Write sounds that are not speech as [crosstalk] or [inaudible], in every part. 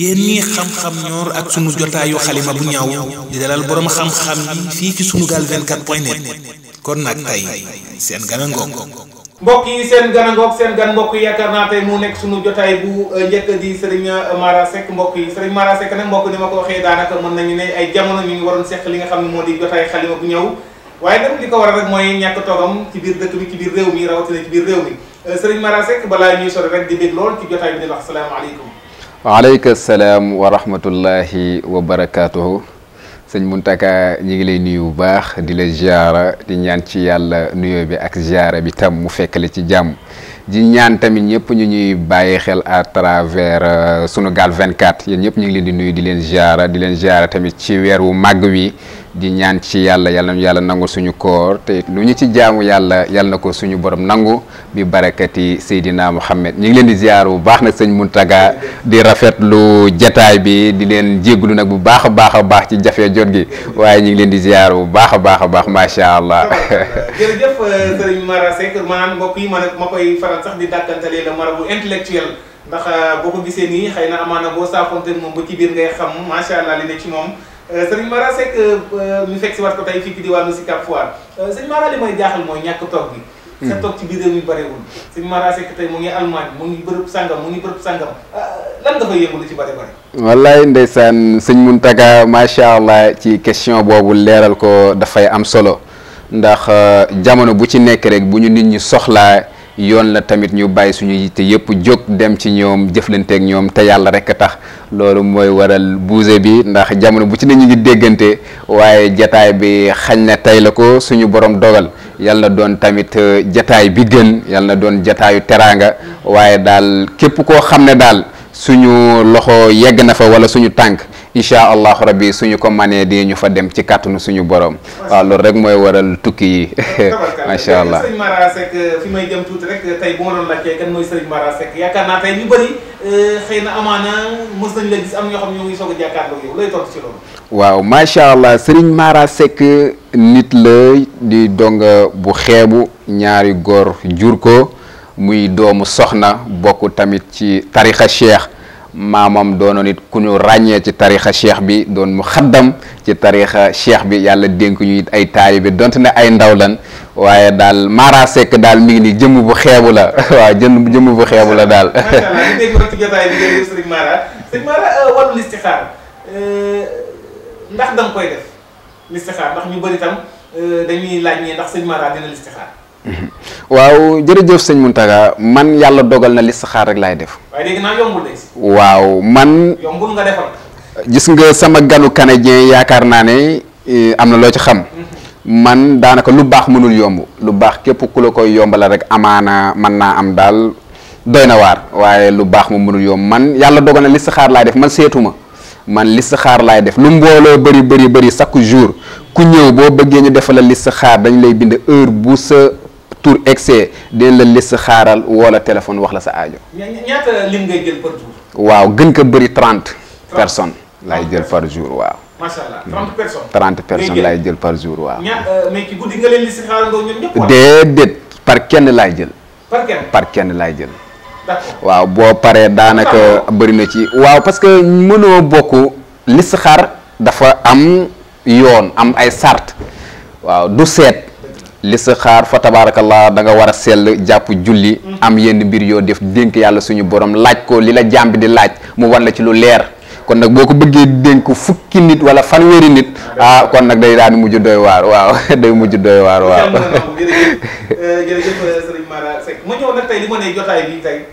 yéen xam-xam ñoor ak sunu jotaayu xalima bu ñaaw di dalal boroom xam-xam yi fii ci sunugal 24 point net kon nag tey seen gana ngoog mbokk yi seen gana ngoog seen gan mbokk yi yaakaar naa tey mu nekk sunu jotaay bu euh, njëkk di sëriñ euh, Mara Seck mbokk yi sëriñ Mara Seck nag mbokk ni ma ko waxee daanaka mën nañu ne ay jamono ñu ngi waroon seq li nga xam ne moo di jotaay xalima bu ñaaw waaye nag li ko waral rek mooy ñàkk toogam ci biir dëkk bi ci biir réew mi rawatina ci biir réew mi euh, sëriñ Mara Seck balaa ñuy sori rek di bég lool ci jotaay bi wax salaamaaleykum waaleykum salaam wa rahmatullahi wa barakaatuhu sëñ Mountakha ñi ngi lay nuyu bu baax di la ziara di ñaan ci yàlla nuyoo bi ak ziara bi tam mu fekkale ci jàmm di ñaan tamit ñëpp ñu ñuy bàyyi xel à travers euh, Sunugal 24 yéen ñëpp ñu ngi leen di nuyu di leen ziara di leen ziara tamit ci weer wu màgg wi. di ñaan ci yàlla yàlla nañu yàlla nangu suñu koor te lu ñu ci jaamu yàlla yàlla na ko suñu borom nangu bi barakati Seydina Muhammad ñu ngi leen di ziar bu baax nag sëñ Muntaga di rafetlu jataay bi di leen jégglu nag bu baax a baax a baax ci jafe jot gi waaye ñu ngi leen di ziar bu baax a baax a baax macha allah. [laughs] jërëjëf euh, sëriñ Mara ma ma intellectuel ndax euh, boo ko gisee nii xëy na amaana boo saafoonte moom ba ci ngay xam macha allah li ne ci moom. Euh, sëriñ Mara Seck euh, euh, ñu fekk si waat ko tey fii ci diwaanu si Cap Foire sëriñ Mara li may jaaxal mooy ñàkk toog bi hmm. sa toog ci biir réew mi bëriwul sëriñ Mara Seck tey mu ngi Allemagne mu ngi bërëb sàngam mu ngi bërëb sàngam lan nga fay yëngu ci bëri bëri wallaay ndeysaan sëñ Muntaga macha allah ci question boobu leeral ko dafay am solo ndax jamono bu ci nekk rek bu ñu nit ñi soxla yoon la tamit ñu bàyyi suñu yitte yëpp jóg dem ci ñoom jëflanteeg ñoom te yàlla rek tax loolu mooy waral buuse bi ndax jamono bu ci ne ñu déggante waaye jataay bi xañ na tey la ko suñu borom dogal yàlla doon tamit euh, jataay bi gën yàlla na doon jataayu teraanga waaye daal képp koo xam ne daal suñu loxo yegg na fa wala suñu tànk incha allahu rabbi suñu ko manee di ñu fa dem ci kàttanu suñu borom waaw loolu rek mooy waral tukki yi macha allah sëriñ Mara Seck waaw macha allah sëriñ Mara Seck nit la di donga bu xeebu ñaari góor jur ko muy doomu soxna bokk tamit ci tarixa cheikh maamam doonoon it ku ñu ràññee ci tarixa cheikh bi doon mu xaddam ci tarixa cheikh bi yàlla dénk ñu it ay taalibe donte ne ay ndaw waaye daal Mara Seck daal mi ngi ni jëmm bu xeebu la [laughs] waaw jëmm jëmm bu xeebu la daal. Euh, euh, ndax da koy def listixaar ndax ñu bëri tam euh, dañuy laaj ndax sëriñ dina listixaar. [laughs] waaw jërëjëf sëñ Mountaga man yàlla dogal na listixaar rek laay def. waaw man. gis nga sama ganu canadien yaakaar naa ne eh, am na loo ci xam. Mhm. man daanaka lu baax mënul yomb lu baax képp ku la koy yombala rek amaana man naa am daal doy na waar waaye lu baax moom mënul yomb man yàlla dogal na listixaar laay def man seetuma man xaar laay def lu mbooloo bari bari bari chaque jour ku ñëw boo bëggee ñu defal la listixaar dañ lay bind heure bu sa. tour excès dinañ la lis xaaral wala téléphone wax la sa aajo. waaw gën ko bëri trente. personnes laay jël par jour waaw. macha laay jël par jour waaw. kenn laay jël. par kenn par laay jël. waaw boo paree daanaka bëri na ci. waaw parce que mënoo bokk xar dafa am yoon am ay sart waaw du seet listixaar fa tabaarakallaa danga war a sell jàpp julli mhm. am yenn mbir yoo def dénk yàlla suñu borom laaj ko li la jaam di laaj mu wan la ci lu leer kon nag boo ko bëggee dénk fukki nit wala fanweeri nit ah, ah kon nag day daal di mujj doy waar waaw [laughs] day mujj doy waar waaw [laughs] euh, euh, ma ñëw nag tey li ma ne jotaay bi tey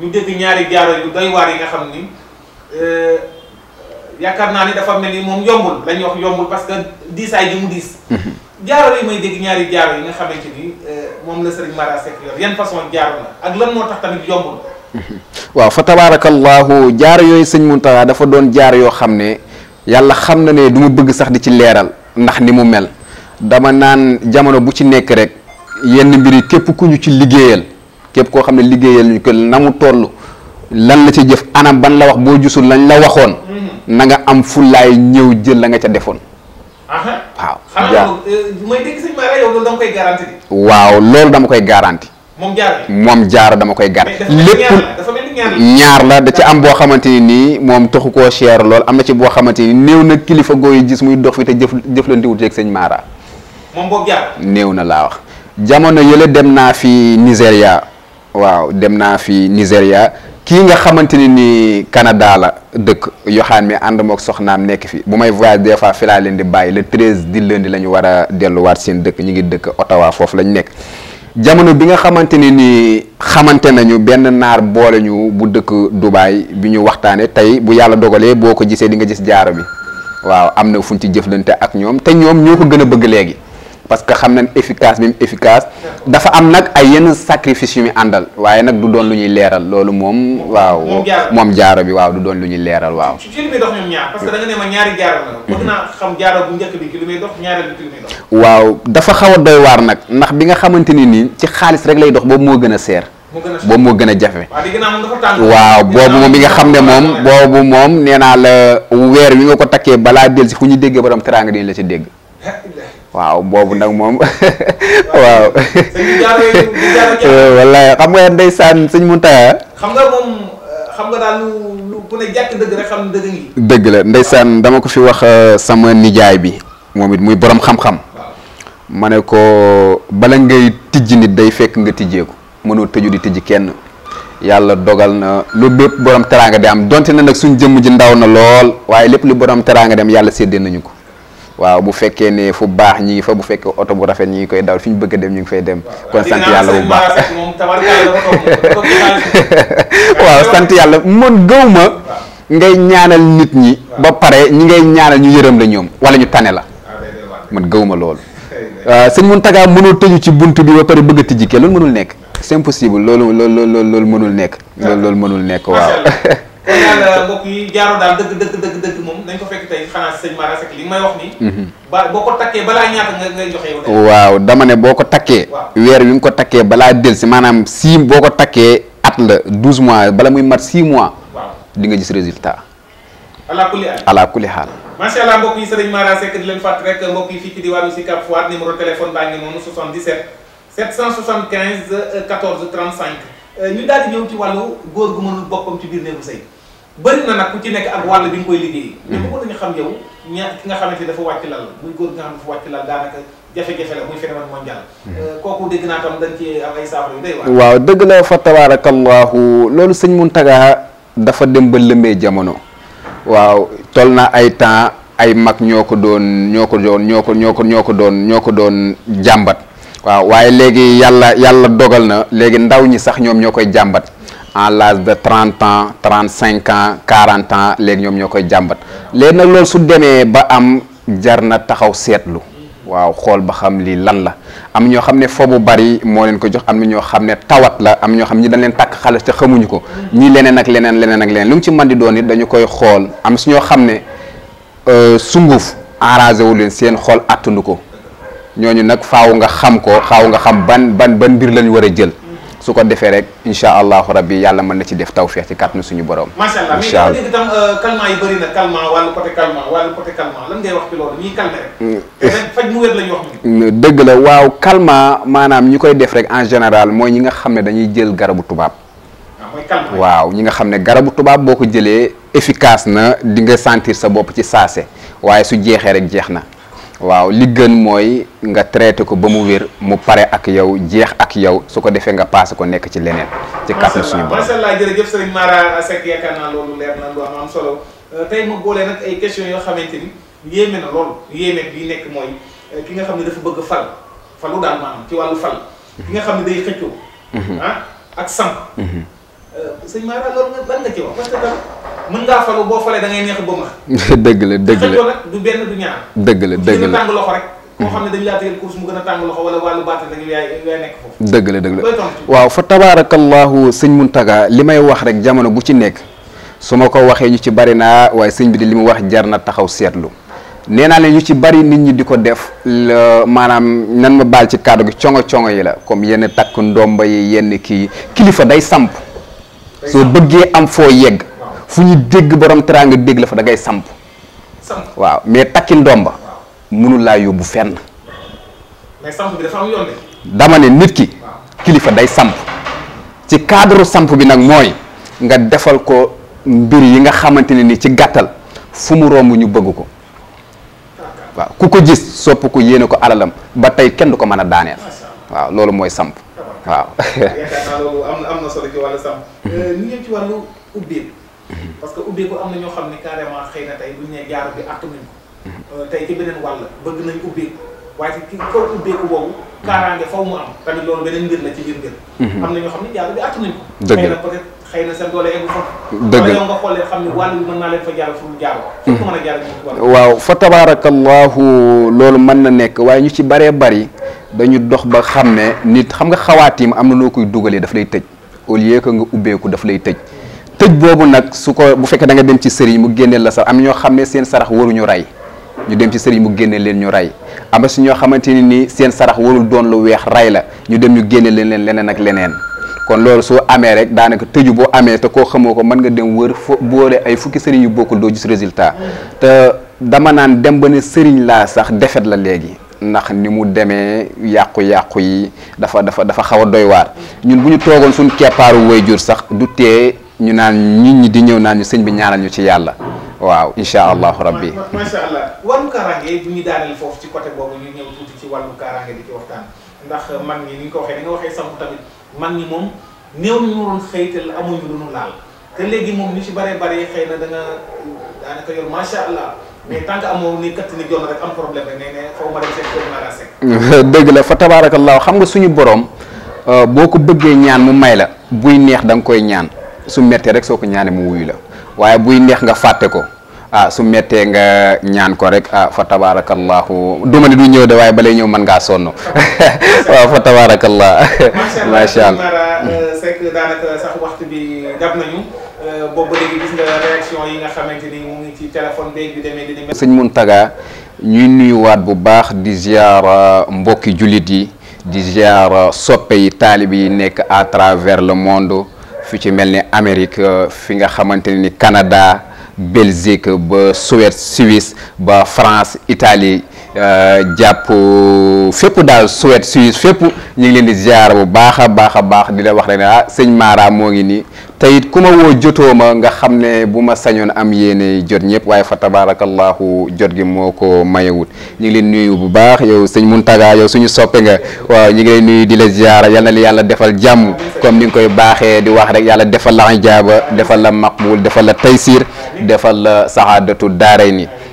ñu dégg ñaari jaaro yu doy waar yi nga xam ni euh, yaakaar naa ni dafa mel ni moom yombul lañuy wax yombul parce que diisaay bi diis mhm. jaaro yi may dégg ñaari jaaro yi nga xamante ni euh, moom la Serigne Mara Seck yor jaaro la ak lan moo tax tamit yombul. [laughs] waaw fa tabaarakallahu jaaro yooyu sëñ Mountakha dafa doon jaar yoo xam ne yàlla xam na ne duma mu bëgg sax di ci leeral ndax ni mu mel dama naan jamono bu ci nekk rek yenn mbir yi képp ku ñu ci liggéeyal képp koo xam ne liggéeyal ñu ko na mu toll lan la ci jëf anam ban la wax boo gisul lañ la waxoon mm-hmm. na nga am fullaay ñëw jël la nga ca defoon. waaw. xanaa euh, dama koy garanti. waaw loolu dama koy garanti. moom jaara dama koy gar lépp ñaar la da ci am boo xamante nii moom taxu koo cher lool am na ci boo xamante ni néew na kilifa gooyu gis muy dox fi te jëf jëflante wut ak sëñ Mara. néew na laa wax. jamono yële dem naa fi nigeria waaw dem naa fi nigeria kii nga xamante ne ni kanadaa la dëkk yoxaan mi ànd mook soxnaam nekk fi bu may voyage des fois fi leen di bàyyi le treize di lundi la ñu war a delluwaat seen dëkk ñu ngi dëkk Ottawa foofu la nekk jamono bi nga xamante ne ni xamante nañu benn naar boole ñu bu dëkk Dubaay bi ñu waxtaanee tey bu yàlla dogalee boo ko jisee di nga gis jaaro bi waaw am na fu ñu ci jëflante ak ñoom te ñoom ñoo ko gën a bëgg léegi parce que xam nañ efficace bi mu efficace dafa am nag ay yenn sacrifice yu muy àndal waaye nag du doon lu ñuy leeral loolu moom waaw moom jaaro bi waaw du doon lu ñuy leeral waaw mm-hmm. waaw dafa xaw a doy waar nag ndax bi nga xamante ni nii ci xaalis rek lay dox boobu moo gën a seer boobu moo gën a jafe waaw boobu moom bi nga xam ne moom boobu moom nee naa la weer wi nga ko takkee balaa del si fu ñu déggee borom teraanga dañ la ci dégg waaw boobu nag moom [laughs] [laughs] waaw [laughs] eh, wallaay xam nga ndeysaan sëñ Mountakha xam eh, dëgg la ndeysaan dama ko fi wax eh, sama nijaay bi moom it muy borom xam-xam ma ne ko bala ngay tijj nit day fekk nga ko mënoo tëju di tijj kenn yàlla dogal na lu bépp borom teraanga di am donte na nag suñ jëmm ji ndaw na lool waaye lépp lu borom teraanga dem yàlla séddee nañu ko waaw bu fekkee ne fu baax ñi fa bu fekkee oto bu rafet ñi ngi koy daw fi ñu bëgg a dem ñu ngi fay dem kon sant yàlla bu baax [laughs] waaw sant yàlla mën gëw ma ngay ñaanal nit ñi ba pare ñi ngay ñaanal ñu yërëm la ñoom wala ñu tane la man gëw ma loolu mun euh, Mountaga mënul tëju ci bunt bi ba pare bëgg a tijjikee loolu mënul nekk c'est impossible loolu loolu mënul nekk loolu mënul nekk waaw [laughs] sëñ xanaa sëñ Mara Seck li may wax nii. Mhm. ba boo ko takkee balaa ñaata nga ngay joxe waaw dama ne boo ko takkee. weer wi nga ko takkee balaa del si maanaam si boo ko takkee at la douze mois bala muy mat six mois. waaw di nga gis résultat. ala kulli haal ala allah mbokk yi sëriñ Mara Seck di leen fàtt rek mbokk yi fii ci diwaanu Sicap Foire numéro téléphone baa ngi noonu 77 775 14 35. ñu daal di ñëw ci wàllu góor gu mënul boppam ci bëri nag ku ci nekk ak wàll bi nga koy liggéey mais mm. bu xam yow ña dafa wàcc lal muy góor nga xam dafa wàcc lal daanaka jafe-jafe la muy phénomène mondial mm. euh, kooku dégg naa tam dañ ci am ay saafara yu day wax waaw dëgg la fa tabaarakallaahu loolu sëñ Muntaga dafa dem ba lëmbee jamono waaw tol na ay temps ay mag ñoo ko doon ñoo ko ñoo ko ñoo ko ñoo ko doon ñoo ko doon jàmbat waaw waaye léegi yàlla yàlla dogal na léegi ndaw ñi sax ñoom ñoo koy jàmbat en l'âge de trente ans trente cinq ans quarante ans léegi ñoom ñoo koy jàmbat léegi nag loolu su demee ba am jar na taxaw seetlu waaw xool ba xam lii lan la am ñoo xam ne foo bu bari moo leen ko jox am na ñoo xam ne tawat la am ñoo xam ñi dañ leen takk xale te xamuñu ko ñii leneen ak leneen leneen ak leneen lu mu ci mën di doon dañu koy xool am su ñoo xam ne euh, sunguf enragé wu leen seen xool attanu ko ñooñu nag faaw nga xam ko faaw nga xam ban ban ban mbir lañ war a jël su ko defee rek incha allahu rabbi yàlla mën na ci def tawféex ci kàttanu suñu borom. macha allah mais da euh, na calmant wàllu mm. eh, mm, dëgg la waaw calmant maanaam ñi koy def rek en général mooy ñi nga xam ne dañuy jël garabu tubaab. Ah, waaw ñi nga xam ne garabu tubaab boo ko jëlee efficace na di nga sentir sa bopp ci saase waaye su jeexee rek jeex na. waaw li gën mooy nga traité ko ba mu wér mu pare ak yow jeex ak yow su ko defee nga passé ko nekk ci leneen. ci kàttan suñu borom macha allah jërëjëf sëriñ Mara Seck yaakaar naa loolu euh, yoo xamante euh, nga xam nga xam parce mhm. ah, mhm. euh, que mën ngaa [laughs] dëgg la dëgg la la dëgg la ku mu gën waaw fa tabaarakallahu sëñ Muntaga li may wax rek jamono bu ci nekk su ma ko waxee ñu ci bari naa waaye sëñ bi di li mu wax jar na taxaw seetlu nee naa leen ñu ci bari nit ñi di ko def maanaam nan ma baal ci kàddu gi coŋo congo yi la comme yenn takk ndomba yi yenn kii kilifa day samp soo bëggee am foo yegg fu ñu dégg borom teraanga dégg la fa da ngay samp waaw mais takki ndomba mënul yóbbu fenn mais samp dama ne nit ki kilifa day samp ci cadre samp bi nag mooy nga defal ko mbir yi nga xamante ne ni ci gàttal fu mu romb ñu bëgg ko waaw ku ko gis sopp ko yéene ko alalam ba tey kenn du ko mën a daaneel waaw loolu mooy samp [laughs] parce que ubbeeku am na ñoo xam ne carrément xëy na tey bu ñu nee bi àtt nañ dëgg xam ne mën na nekk waaye ñu ci baree bari dañu dox ba xam ne nit xam nga xawaatim am na noo koy dugalee daf lay tëj au lieu que nga ubbeeku daf lay tëj tëj boobu nag su ko bu fekkee da nga dem ci sëriñ mu génneel la sarax am ñoo xam ne seen sarax waruñu rey ñu dem ci sëriñ mu génneel leen ñu rey am su ñoo xamante ne ni seen sarax warul doon lu weex rey la ñu dem ñu génnee leen leneen ak leneen kon loolu soo amee rek daanaka tëju boo amee te koo xamoo ko mën nga dem wër fo boole ay fukki sëriñ yu bokkul doo gis résultat te dama naan dem ba ne sëriñ laa sax defet la léegi ndax ni mu demee yàqu-yàqu yi dafa dafa dafa xaw a ñu naan nit ñi di ñëw naan ñu sëñ bi ñaanal ñu ci yàlla waaw incha allahu rabbi macha kaaraange bu ñu daaneel foofu ci côté boobu ñu ñëw tuuti ci wàllu kaaraange di ci waxtaan ndax man ñi ni nga ko waxee ni waxee sanku tamit man ñi moom néew ñu waroon xëy te amuñu laal te léegi moom ñu ci bare bare xëy na da nga daanaka yor allah mais tant que ni kat ni joon rek seen [laughs] dëgg la fa tabaarakallahu xam nga suñu boroom euh, boo ko bëggee ñaan mu buy neex da koy ñaan su méttee rek soo ko ñaanee mu wuyu la waaye buy neex nga fàtte ko ah su mettee nga ñaan ko rek ah fa tabarakallahu duma ne du ñëw de waaye balay ñëw man ngaa sonn [laughs] waaw fa tabarakallah macha allah c'est euh, que daanaka sax euh, mu ngi ñuy nuyuwaat bu baax di ziar euh, mbokki jullit yi di ziar soppe yi taalibe yi nekk à travers le monde fi ci mel ni Amérique euh, fi nga xamante ni Canada Belgique ba Suède Suisse ba France Italie euh, jàpp fépp daal Suède Suisse fépp ñu ngi leen di ziar bu baax a baax a baax di la wax rek ne ah sëñ Mara moo ngi nii te it ku woo jotoo ma nga xam ne bu ma sañoon am yéene jot ñëpp waaye fa tabaarakallaahu jot gi moo ko mayewut ñu ngi leen nuyu bu baax yow sëñ Muntaga yow suñu soppe nga waaw ñu ngi nuyu di la ziyaara yal na li yàlla defal jàmm comme ni nga koy baaxee di wax rek yàlla defal la jaaba defal la maqbul defal la taysir defal la sahaadatu daaray nii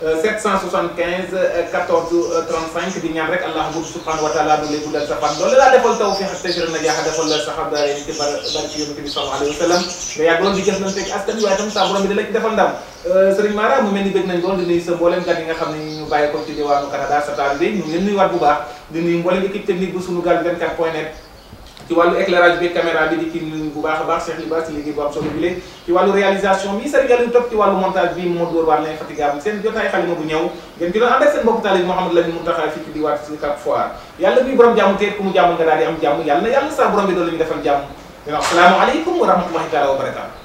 775 14 35 di ñaan rek allah buur subhanahu wa taala du lay sa fan loolu laa defal taw fexe tëjël na jaaxa defal la saxaar daal yéen ci bar barki yonent di jëf nañ fekk askan wi sa borom bi da la ci defal ndam euh, Mara mu mel ni bëgg nañ lool di nuyu sa mboolem gan yi nga xam ne ñu bàyyi ko ci diwaanu Canada sa taal bi ñu ngi leen nuyuwaat bu baax di nuyu mboolem équipe technique bu sunu gaal 24 point net ci wàllu éclairage bi caméra bi di kii bu baax a baax Cheikh Liba si liggéey bu am solo bi leen ci wàllu réalisation bi Serigne Aliou Top ci wàllu montage bi moo dóor waar l'infatigable seen jotaay xalima bu ñëw ngeen ci doon ànd ak seen mbokk taalib Mouhamadou Lamine Mountakha fii ci diwaat si Cap Foire yàlla bi borom jàmm teet ku mu jàmm nga daal di am jàmm yàlla yàlla sax borom bi doon la defal jàmm dina asalaamaaleykum wa rahmatullahi taala wa barakatu